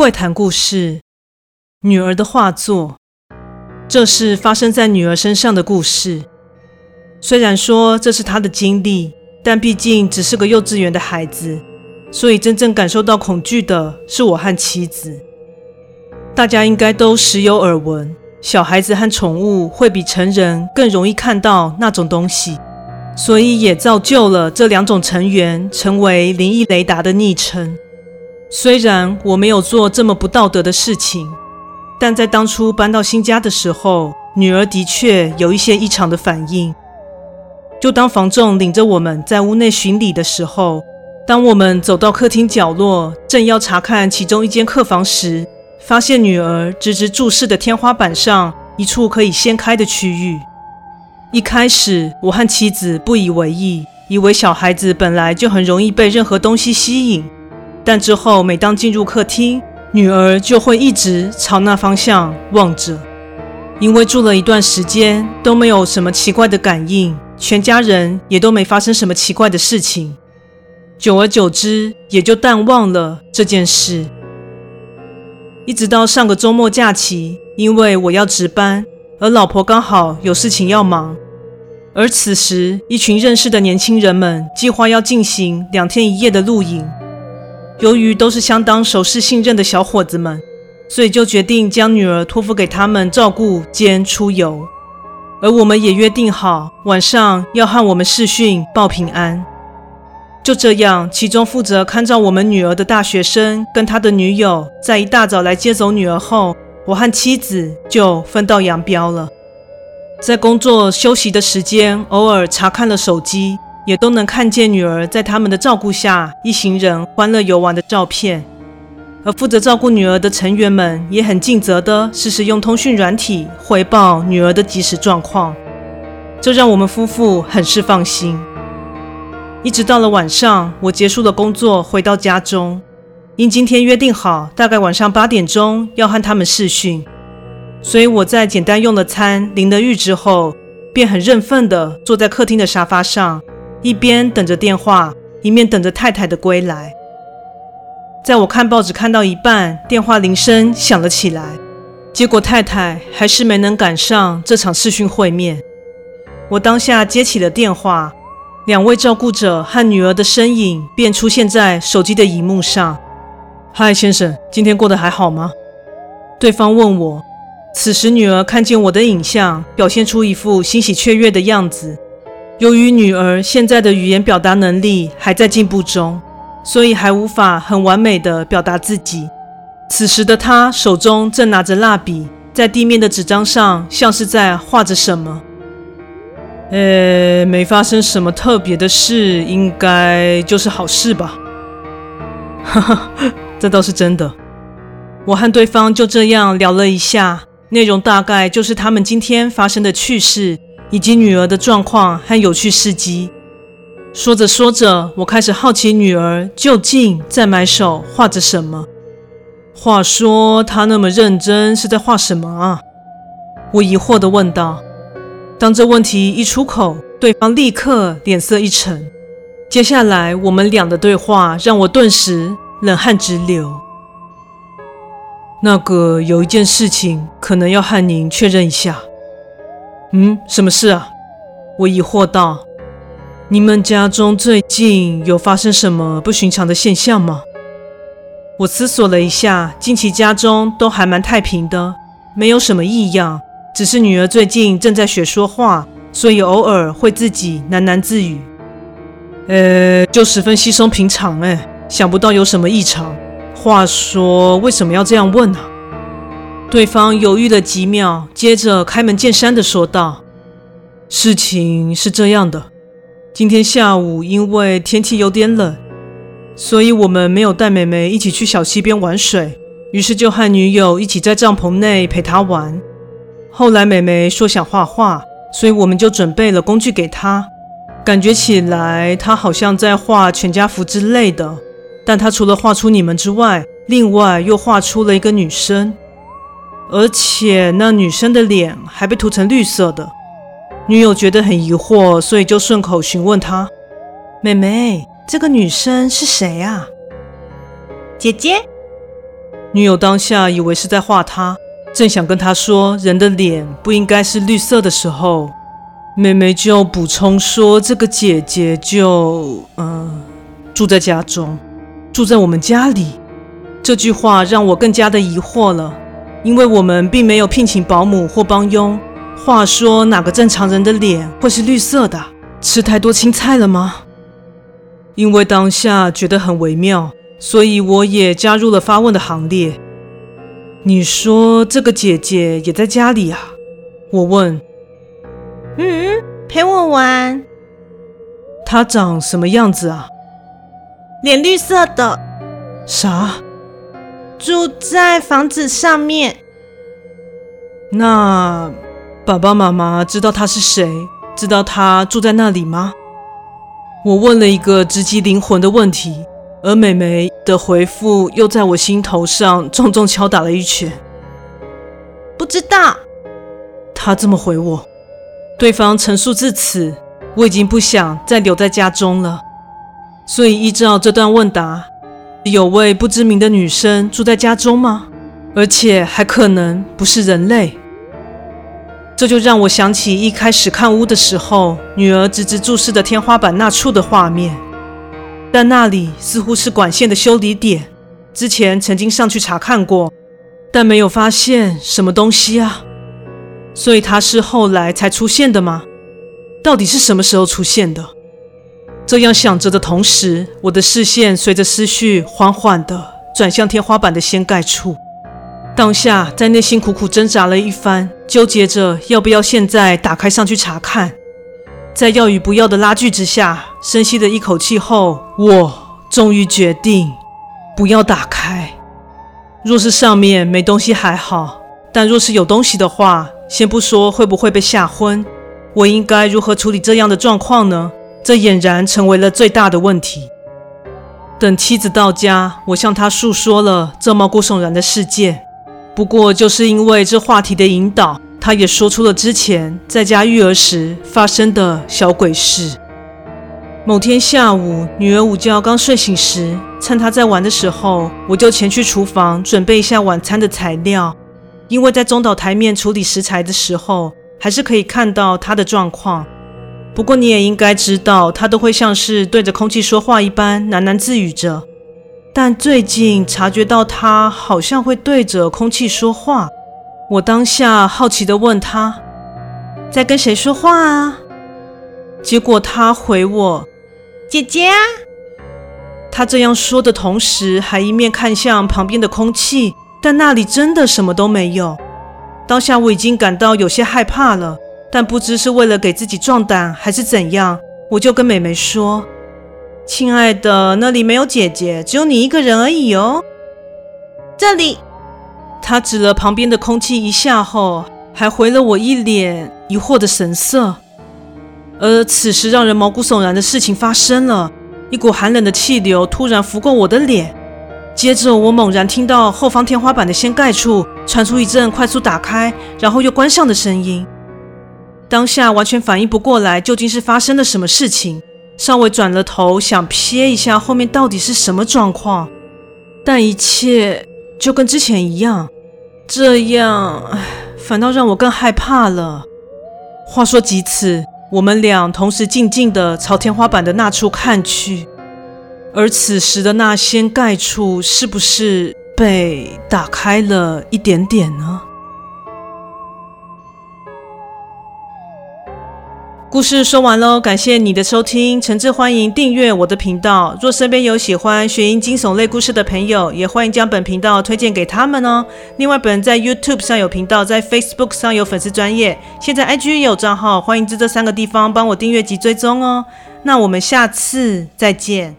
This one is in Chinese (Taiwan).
怪談故事，女兒的畫作。這是發生在女兒身上的故事。雖然說這是她的經歷，但畢竟只是個幼稚園的孩子，所以真正感受到恐懼的是我和妻子。大家應該都時有耳聞，小孩子和寵物會比成人更容易看到那種東西，所以也造就了這兩種成員成為“靈異雷達”的昵稱。雖然我沒有做這麼不道德的事情，但在當初搬到新家的時候，女兒的確有一些異常的反應。就當房仲領着我們在屋內巡禮的時候，當我們走到客廳角落，正要查看其中一間客房時，發現女兒直直注視的天花板上一處可以掀開的區域。一開始，我和妻子不以為意，以為小孩子本來就很容易被任何東西吸引。但之後，每當進入客廳，女兒就會一直朝那方向望着。因為住了一段時間都沒有什麼奇怪的感應，全家人也都沒發生什麼奇怪的事情。久而久之，也就淡忘了這件事。一直到上個周末假期，因為我要值班，而老婆剛好有事情要忙。而此時，一群認識的年輕人們計劃要進行兩天一夜的露營。由於都是相當熟識信任的小伙子們，所以就決定將女兒托付給他們照顧兼出遊，而我們也約定好晚上要和我們視訊報平安。就這樣，其中負責看照我們女兒的大學生跟他的女友，在一大早來接走女兒後，我和妻子就分道揚鑣了。在工作休息的時間，偶爾查看了手機。也都能看見女兒在他們的照顧下，一行人歡樂遊玩的照片。而負責照顧女兒的成員們也很盡責的，時時用通訊軟體回報女兒的即時狀況，這讓我們夫婦很是放心。一直到了晚上，我結束了工作回到家中，因今天約定好大概晚上八點鐘要和他們視訊，所以我在簡單用了餐、淋了浴之後，便很認份的坐在客廳的沙發上。一邊等着電話，一面等着太太的歸來。在我看報紙看到一半，電話鈴聲響了起來，結果太太還是沒能趕上這場視訊會面。我當下接起了電話，兩位照顧者和女兒的身影便出現在手機的熒幕上。嗨，先生，今天過得還好嗎？對方問我。此時，女兒看見我的影像，表現出一副欣喜雀躍的樣子。由於女兒現在的語言表達能力還在進步中，所以還無法很完美的表達自己。此時的她手中正拿着蠟筆，在地面的紙張上像是在畫着什麼。呃，沒發生什麼特別的事，應該就是好事吧。哈哈，這倒是真的。我和對方就這樣聊了一下，內容大概就是他們今天發生的趣事。以及女兒的狀況和有趣事蹟。說着說着，我開始好奇女兒究竟在埋首畫着什麼。話說她那麼認真，是在畫什麼啊？我疑惑地問道。當這問題一出口，對方立刻臉色一沉。接下來我們倆的對話讓我頓時冷汗直流。那個，有一件事情可能要和您確認一下。嗯，什麼事啊？我疑惑道：“你們家中最近有發生什麼不尋常的現象嗎？”我思索了一下，近期家中都還蠻太平的，沒有什麼異樣，只是女兒最近正在學說話，所以偶爾會自己喃喃自語，呃，就十分稀鬆平常哎，想不到有什麼異常。話說，為什麼要這樣問呢、啊？對方猶豫了幾秒，接着開門見山地說道：“事情是這樣的，今天下午因為天氣有點冷，所以我們沒有帶美美一起去小溪邊玩水，於是就和女友一起在帳篷內陪她玩。後來美美說想畫畫，所以我們就準備了工具給她。感覺起來她好像在畫全家福之類的，但她除了畫出你們之外，另外又畫出了一個女生。”而且那女生的臉還被塗成綠色的，女友覺得很疑惑，所以就順口詢問她：“妹妹，這個女生是誰啊？”姐姐。女友當下以為是在畫她，正想跟她說人的臉不應該是綠色的時候，妹妹就補充說：“這個姐姐就嗯、呃、住在家中，住在我們家裡。”這句話讓我更加的疑惑了。因為我們並沒有聘請保姆或幫傭。話說，哪個正常人的臉會是綠色的？吃太多青菜了嗎？因為當下覺得很微妙，所以我也加入了發問的行列。你說這個姐姐也在家裡啊？我問。嗯，陪我玩。她長什麼樣子啊？臉綠色的。啥？住在房子上面，那爸爸媽媽知道他是誰，知道他住在那裡嗎？我問了一個直擊靈魂的問題，而妹妹的回復又在我心頭上重重敲打了一拳。不知道，她這麼回我。對方陳述至此，我已經不想再留在家中了，所以依照這段問答。有位不知名的女生住在家中嗎？而且還可能不是人類。這就讓我想起一開始看屋的時候，女兒直直注視着天花板那處的畫面。但那裡似乎是管線的修理點，之前曾經上去查看過，但沒有發現什麼東西啊。所以它是後來才出現的嗎？到底是什麼時候出現的？這樣想着的同時，我的視線隨着思緒緩緩地轉向天花板的掀蓋處。當下在內心苦苦掙扎了一番，糾結着要不要現在打開上去查看。在要與不要的拉鋸之下，深吸了一口氣後，我終於決定不要打開。若是上面沒東西還好，但若是有東西的話，先不說會不會被嚇昏，我應該如何處理這樣的狀況呢？這儼然成為了最大的問題。等妻子到家，我向她訴說了這毛骨悚然的事件。不過，就是因為這話題的引導，她也說出了之前在家育兒時發生的小鬼事。某天下午，女兒午覺剛睡醒時，趁她在玩的時候，我就前去廚房準備一下晚餐的材料，因為在中島台面處理食材的時候，還是可以看到她的狀況。不過你也應該知道，他都會像是對着空氣說話一般喃喃自語着。但最近察覺到他好像會對着空氣說話，我當下好奇地問他，在跟誰說話啊？結果他回我：“姐姐。”他這樣說的同時，還一面看向旁邊的空氣，但那裡真的什麼都沒有。當下我已經感到有些害怕了。但不知是為了給自己壯膽還是怎樣，我就跟妹妹說：“親愛的，那裡沒有姐姐，只有你一個人而已哦。”這裡，她指了旁邊的空氣一下後，還回了我一臉疑惑的神色。而此時，讓人毛骨悚然的事情發生了：一股寒冷的氣流突然拂過我的臉，接着我猛然聽到後方天花板的掀蓋處傳出一陣快速打開，然後又關上的聲音。當下完全反應不過來，究竟是發生了什麼事情？稍微轉了頭，想瞥一下後面到底是什麼狀況，但一切就跟之前一樣，這樣唉，反倒讓我更害怕了。話說至此，我們倆同時靜靜的朝天花板的那處看去，而此時的那掀蓋處是不是被打開了一點點呢？故事說完嘍，感謝你的收聽，誠摯歡迎訂閱我的頻道。若身邊有喜歡懸疑驚悚類故事的朋友，也歡迎將本頻道推薦給他們哦。另外，本人在 YouTube 上有頻道，在 Facebook 上有粉絲專頁，現在 IG 也有賬號，歡迎在這三個地方幫我訂閱及追蹤哦。那我們下次再見。